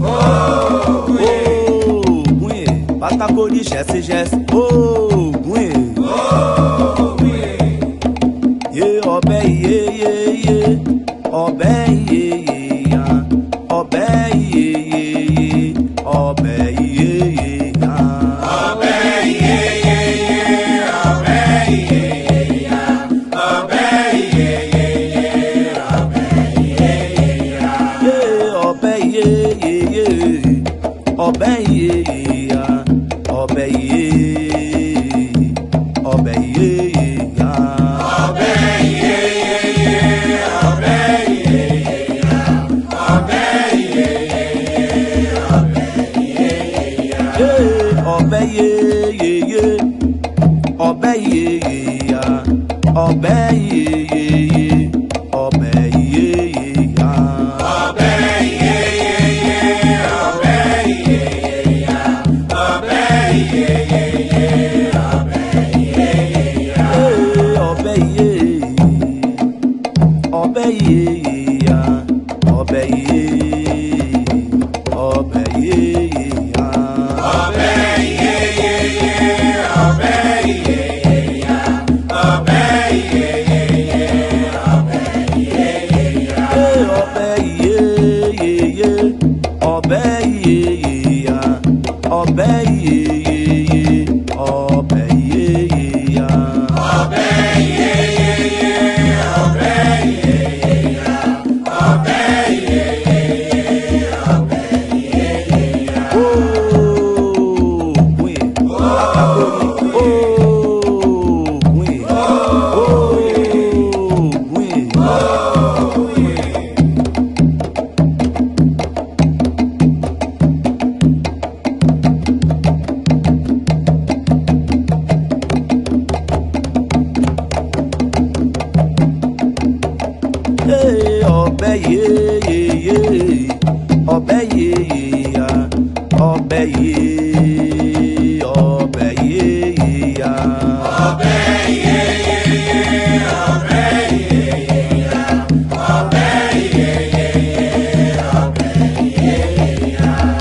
Oh, unhê. Oh, unhê. Bata jesse, jesse. Oh. ọbẹ̀ yìí ọbẹ̀ yìí ọbẹ̀ yìí. ọbẹ̀ yeye ya ọbẹ̀ yeye. You. yeye ọbẹ̀ yeye ya. ọbẹ̀ yeye ọbẹ̀ yeye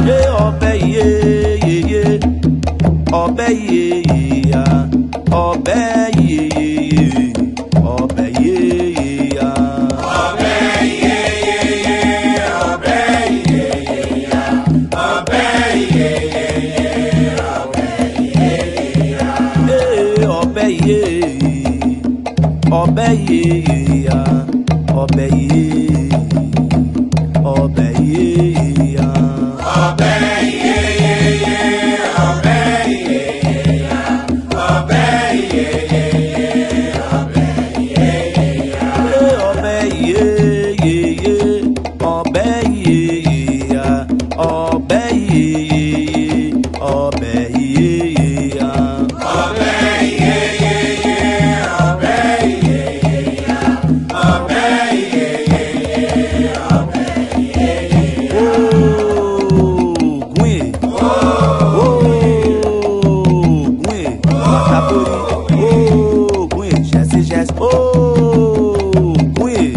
ya ọbẹ̀ yeye ọbẹ̀ yìí ọbẹ̀ yìí ọbẹ̀ yìí. oògùn yìí ṣẹ́sí ṣẹ́sí oògùn yìí.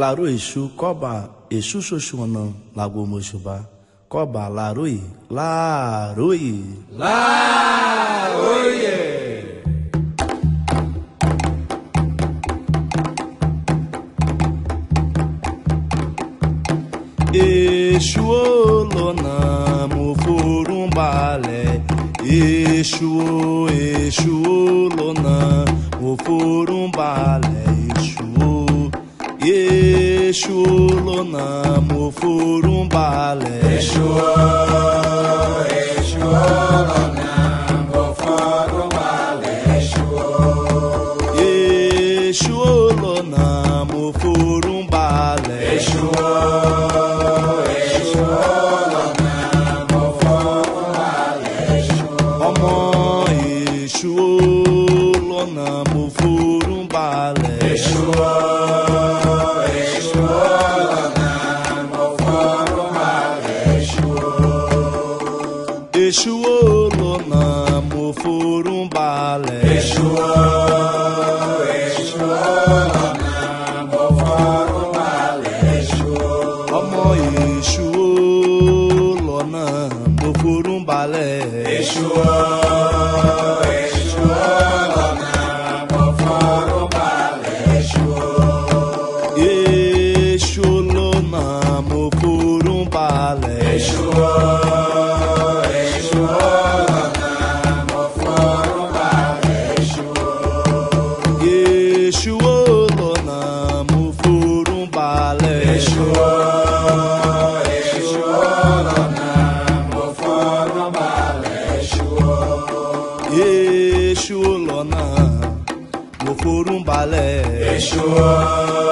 làró èṣù kọ́ba èṣù ṣoṣù ọ̀nà làgbo mọ̀ṣùbà. Coba Larui, Larui. Laruie! Exu Olonamo Furumbalé, Exu, Exu Olonamo balé. Exu Lonamu Furumbalé Exu, Exu Lonamu Furumbalé Exu, Exu Lonamu Furumbalé Exu, Exu Lonamu Furumbalé Exu, Omo Exu Lonamu Furumbalé Olonamo Furumbalé. Exuão, Exuão. Yeshua. Yeshua.